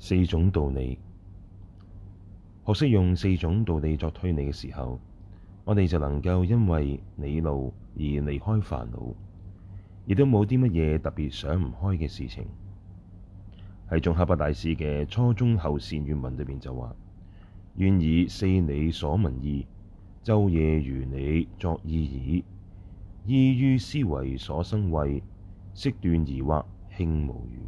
四種道理，學識用四種道理作推理嘅時候，我哋就能夠因為理路而離開煩惱，亦都冇啲乜嘢特別想唔開嘅事情。喺宗喀巴大師嘅初中後善願文裡面就話：願以四理所聞義，晝夜如理作意已，依於思惟所生慧，悉斷疑惑，罄無餘。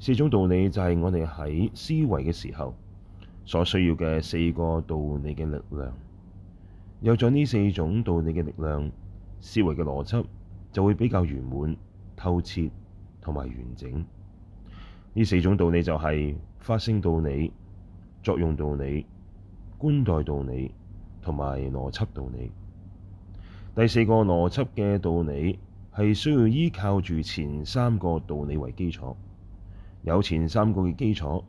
四種道理就係我哋喺思維嘅時候所需要嘅四個道理嘅力量。有咗呢四種道理嘅力量，思維嘅邏輯就會比較圓滿、透徹同埋完整。呢四種道理就係法性道理、作用道理、觀待道理同埋邏輯道理。第四個邏輯嘅道理係需要依靠住前三個道理為基礎。有前三個嘅基礎，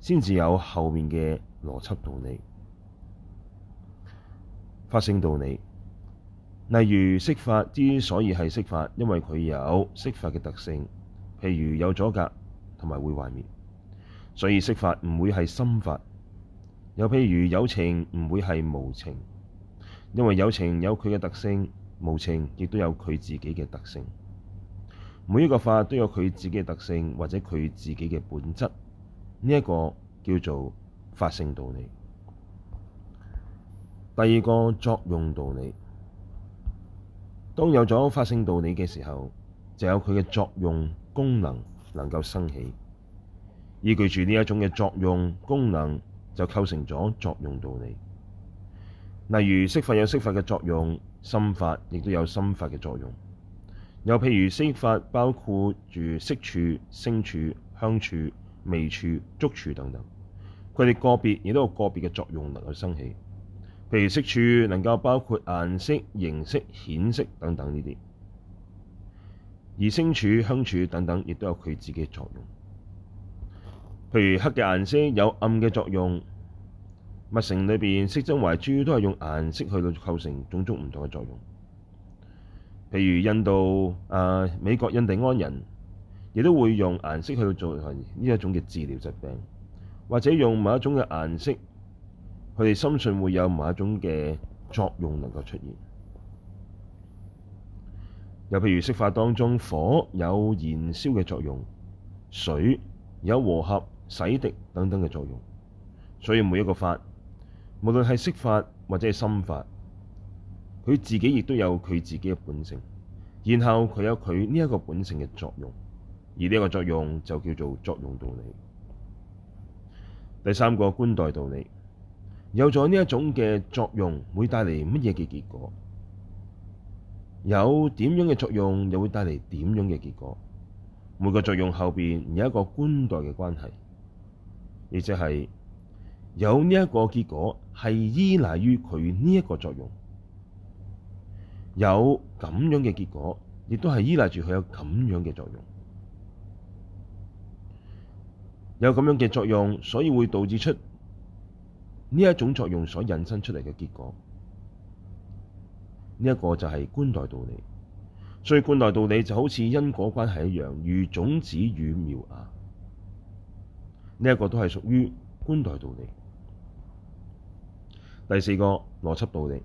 先至有後面嘅邏輯道理。法性道理，例如色法之所以係色法，因為佢有色法嘅特性，譬如有阻隔同埋會壞滅，所以色法唔會係心法。又譬如有情唔會係無情，因為有情有佢嘅特性，無情亦都有佢自己嘅特性。每一個法都有佢自己嘅特性，或者佢自己嘅本質，呢、這、一個叫做法性道理。第二個作用道理，當有咗法性道理嘅時候，就有佢嘅作用功能能夠生起。依據住呢一種嘅作用功能，就構成咗作用道理。例如色法有色法嘅作用，心法亦都有心法嘅作用。又譬如色法包括住色處、聲處、香處、味處、觸處等等，佢哋個別亦都有個別嘅作用能夠生起。譬如色處能夠包括顏色、形色、顯色等等呢啲，而聲處、香處等等亦都有佢自己嘅作用。譬如黑嘅顏色有暗嘅作用，密乘裏邊息增懷誅都係用顏色去嚟構成種種唔同嘅作用。譬如印度啊、呃，美國印第安人亦都會用顏色去做呢一種嘅治療疾病，或者用某一種嘅顏色，佢哋深信會有某一種嘅作用能夠出現。又譬如色法當中，火有燃燒嘅作用，水有和合、洗滌等等嘅作用。所以每一個法，無論係色法或者係心法。佢自己亦都有佢自己嘅本性，然後佢有佢呢一個本性嘅作用，而呢一個作用就叫做作用道理。第三個觀待道理，有咗呢一種嘅作用，會帶嚟乜嘢嘅結果？有點樣嘅作用，又會帶嚟點樣嘅結果？每個作用後邊有一個觀待嘅關係，亦即係有呢一個結果係依賴於佢呢一個作用。有咁樣嘅結果，亦都係依賴住佢有咁樣嘅作用。有咁樣嘅作用，所以會導致出呢一種作用所引申出嚟嘅結果。呢一個就係觀待道理。所以觀待道理就好似因果關係一樣，如種子與苗芽，呢一個都係屬於觀待道理。第四個邏輯道理。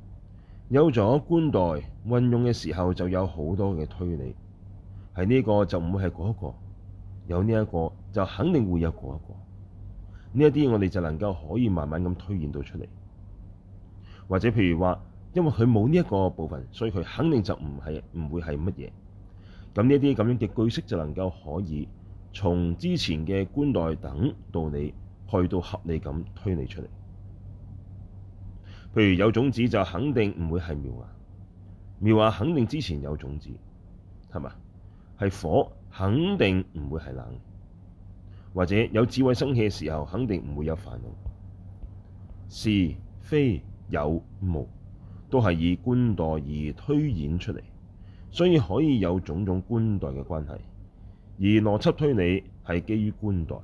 有咗觀待運用嘅時候，就有好多嘅推理。係呢個就唔會係嗰個，有呢一個就肯定會有嗰一個。呢一啲我哋就能夠可以慢慢咁推演到出嚟，或者譬如話，因為佢冇呢一個部分，所以佢肯定就唔係唔會係乜嘢。咁呢啲咁樣嘅句式，就能夠可以從之前嘅觀待等到你去到合理咁推理出嚟。譬如有種子就肯定唔會係苗芽，苗芽肯定之前有種子，係嘛？係火肯定唔會係冷，或者有智慧生起嘅時候肯定唔會有煩惱，是非、非、有、無都係以觀待而推演出嚟，所以可以有種種觀待嘅關係，而邏輯推理係基於觀待，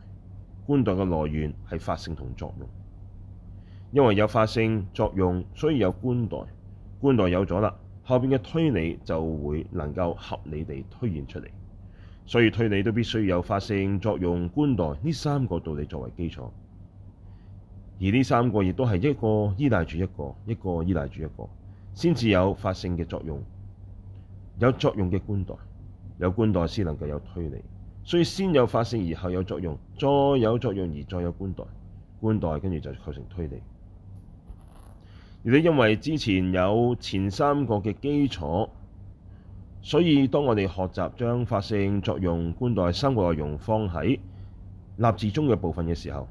觀待嘅來源係法性同作用。因為有法性作用，所以有觀待。觀待有咗啦，後邊嘅推理就會能夠合理地推演出嚟。所以推理都必須要有法性作用、觀待呢三個道理作為基礎。而呢三個亦都係一個依賴住一個，一個依賴住一個，先至有法性嘅作用。有作用嘅觀待，有觀待先能夠有推理。所以先有法性，而後有作用；再有作用而再有觀待，觀待跟住就構成推理。而且因為之前有前三個嘅基礎，所以當我哋學習將法性作用、觀待、三個內容放喺立自宗嘅部分嘅時候，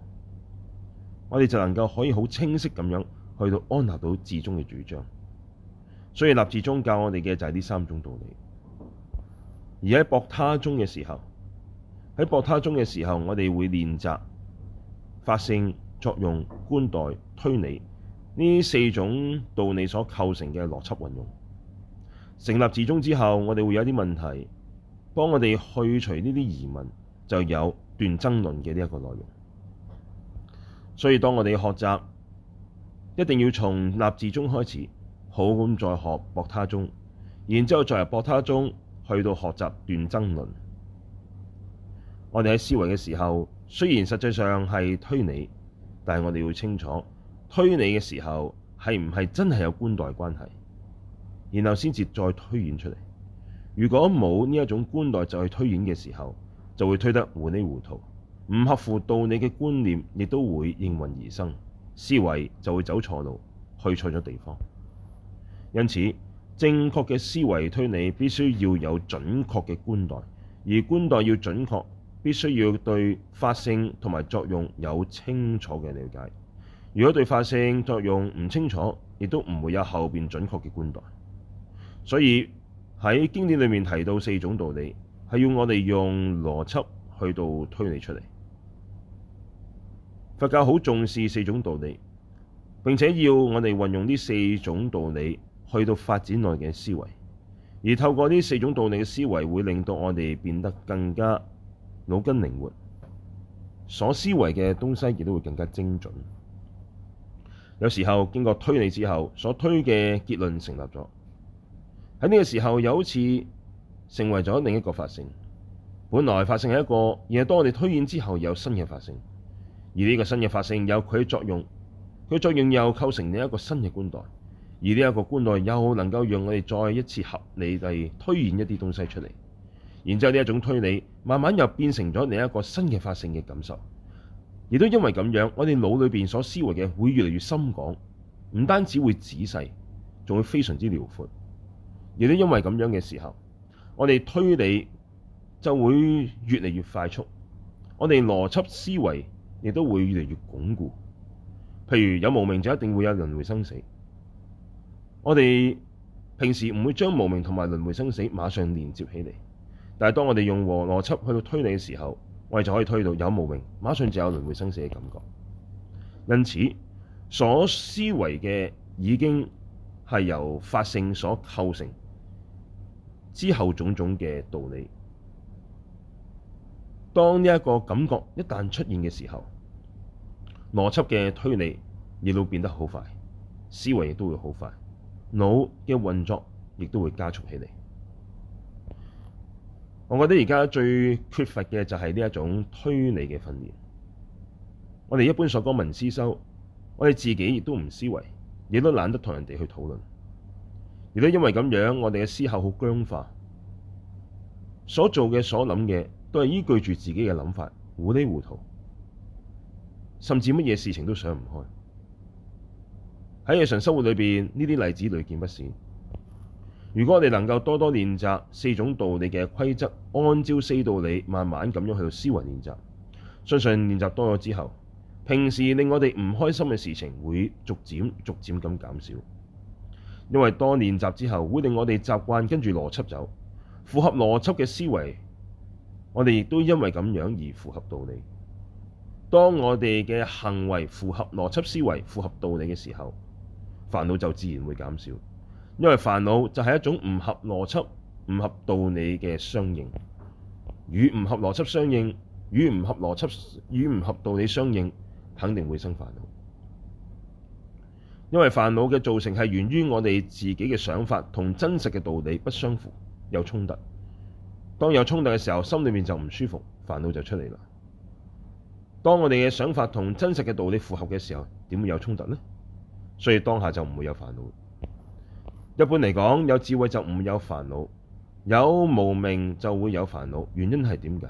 我哋就能夠可以好清晰咁樣去到安立到自宗嘅主張。所以立自宗教我哋嘅就係呢三種道理。而喺駁他宗嘅時候，喺駁他宗嘅時候，我哋會練習法性作用、觀待推理。呢四種道理所構成嘅邏輯運用，成立自宗之後，我哋會有啲問題，幫我哋去除呢啲疑問，就有斷諍論嘅呢一個內容。所以當我哋學習，一定要從立自宗開始，好咁再學駁他宗，然之後再由駁他宗去到學習斷諍論。我哋喺思維嘅時候，雖然實際上係推理，但係我哋要清楚。推理嘅時候係唔係真係有觀待關係，然後先至再推演出嚟。如果冇呢一種觀待，就去推演嘅時候，就會推得糊裏糊塗，唔合乎道理嘅觀念亦都會應運而生，思維就會走錯路，去錯咗地方。因此，正確嘅思維推理必須要有準確嘅觀待，而觀待要準確，必須要對法性同埋作用有清楚嘅了解。如果對法性作用唔清楚，亦都唔會有後邊準確嘅觀待。所以喺經典裡面提到四種道理，係要我哋用邏輯去到推理出嚟。佛教好重視四種道理，並且要我哋運用呢四種道理去到發展內嘅思維。而透過呢四種道理嘅思維，會令到我哋變得更加腦筋靈活，所思維嘅東西亦都會更加精準。有時候經過推理之後，所推嘅結論成立咗，喺呢個時候又好似成為咗另一個法性。本來法性係一個，而係當我哋推演之後，有新嘅法性，而呢個新嘅法性有佢嘅作用，佢作用又構成另一個新嘅觀待，而呢一個觀待又能夠讓我哋再一次合理地推演一啲東西出嚟，然之後呢一種推理慢慢又變成咗另一個新嘅法性嘅感受。亦都因為咁樣，我哋腦裏邊所思維嘅會越嚟越深廣，唔單止會仔細，仲會非常之遼闊。亦都因為咁樣嘅時候，我哋推理就會越嚟越快速，我哋邏輯思維亦都會越嚟越鞏固。譬如有無明就一定會有輪迴生死，我哋平時唔會將無明同埋輪迴生死馬上連接起嚟，但係當我哋用和邏輯去到推理嘅時候。我哋就可以推到有無明，馬上就有輪迴生死嘅感覺。因此，所思維嘅已經係由法性所構成，之後種種嘅道理。當呢一個感覺一旦出現嘅時候，邏輯嘅推理亦都會變得好快，思維亦都會好快，腦嘅運作亦都會加速起嚟。我覺得而家最缺乏嘅就係呢一種推理嘅訓練。我哋一般所講聞思修，我哋自己亦都唔思維，亦都懶得同人哋去討論，亦都因為咁樣，我哋嘅思考好僵化，所做嘅、所諗嘅都係依據住自己嘅諗法，糊裏糊塗，甚至乜嘢事情都想唔開。喺日常生活裏邊，呢啲例子屢見不鮮。如果我哋能夠多多練習四種道理嘅規則，按照四道理慢慢咁樣去到思維練習，相信練習多咗之後，平時令我哋唔開心嘅事情會逐漸逐漸咁減少。因為多練習之後，會令我哋習慣跟住邏輯走，符合邏輯嘅思維，我哋亦都因為咁樣而符合道理。當我哋嘅行為符合邏輯思維、符合道理嘅時候，煩惱就自然會減少。因為煩惱就係一種唔合邏輯、唔合道理嘅相應，與唔合邏輯相應，與唔合邏輯、與唔合道理相應，肯定會生煩惱。因為煩惱嘅造成係源於我哋自己嘅想法同真實嘅道理不相符，有衝突。當有衝突嘅時候，心裏面就唔舒服，煩惱就出嚟啦。當我哋嘅想法同真實嘅道理符合嘅時候，點會有衝突呢？所以當下就唔會有煩惱。一般嚟講，有智慧就唔會有煩惱，有無明就會有煩惱。原因係點解？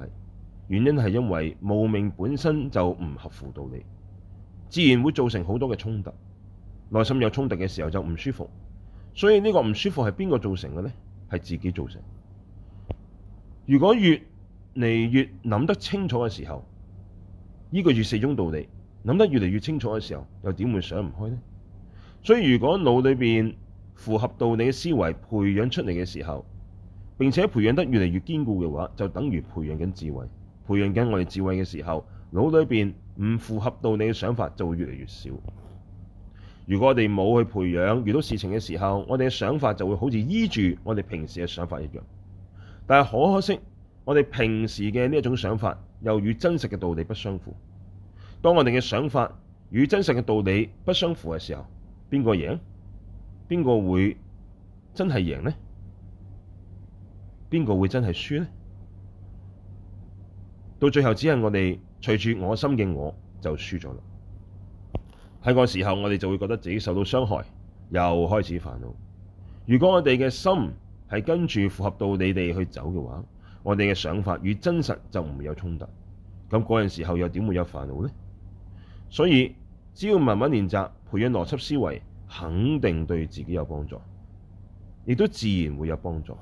原因係因為無明本身就唔合乎道理，自然會造成好多嘅衝突。內心有衝突嘅時候就唔舒服，所以呢個唔舒服係邊個造成嘅呢？係自己造成的。如果越嚟越諗得清楚嘅時候，呢、這個越四種道理，諗得越嚟越清楚嘅時候，又點會想唔開呢？所以如果腦裏面……符合道理嘅思維培養出嚟嘅時候，並且培養得越嚟越堅固嘅話，就等於培養緊智慧，培養緊我哋智慧嘅時候，腦裏邊唔符合道理嘅想法就會越嚟越少。如果我哋冇去培養，遇到事情嘅時候，我哋嘅想法就會好似依住我哋平時嘅想法一樣。但係可惜，我哋平時嘅呢一種想法又與真實嘅道理不相符。當我哋嘅想法與真實嘅道理不相符嘅時候，邊個贏？邊個會真係贏呢？邊個會真係輸呢？到最後只係我哋隨住我心嘅，我就輸咗啦。喺個時候我哋就會覺得自己受到傷害，又開始煩惱。如果我哋嘅心係跟住符合到你哋去走嘅話，我哋嘅想法與真實就唔會有衝突。咁嗰陣時候又點會有煩惱呢？所以只要慢慢練習培養邏輯思維。肯定對自己有幫助，亦都自然會有幫助。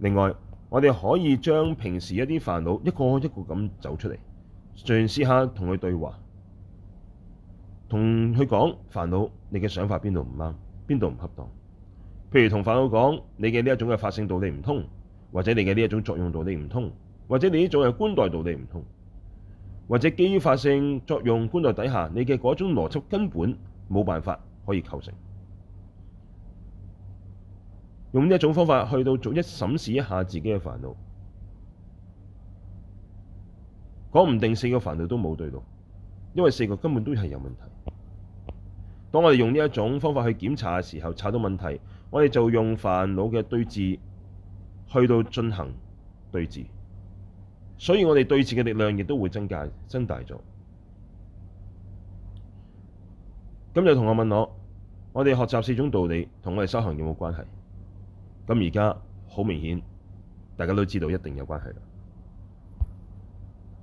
另外，我哋可以將平時一啲煩惱一個一個咁走出嚟，嘗試下同佢對話，同佢講煩惱。你嘅想法邊度唔啱，邊度唔恰當？譬如同煩惱講，你嘅呢一種嘅法性道理唔通，或者你嘅呢一種作用道理唔通，或者你呢種嘅觀待道理唔通，或者基於法性作用觀待底下，你嘅嗰種邏輯根本冇辦法可以構成，用呢一種方法去到逐一審視一下自己嘅煩惱，講唔定四個煩惱都冇對到，因為四個根本都係有問題。當我哋用呢一種方法去檢查嘅時候，查到問題，我哋就用煩惱嘅對治去到進行對治。所以我哋對治嘅力量亦都會增加增大咗。咁就同學問我，我哋學習四種道理同我哋修行有冇關係？咁而家好明顯，大家都知道一定有關係啦。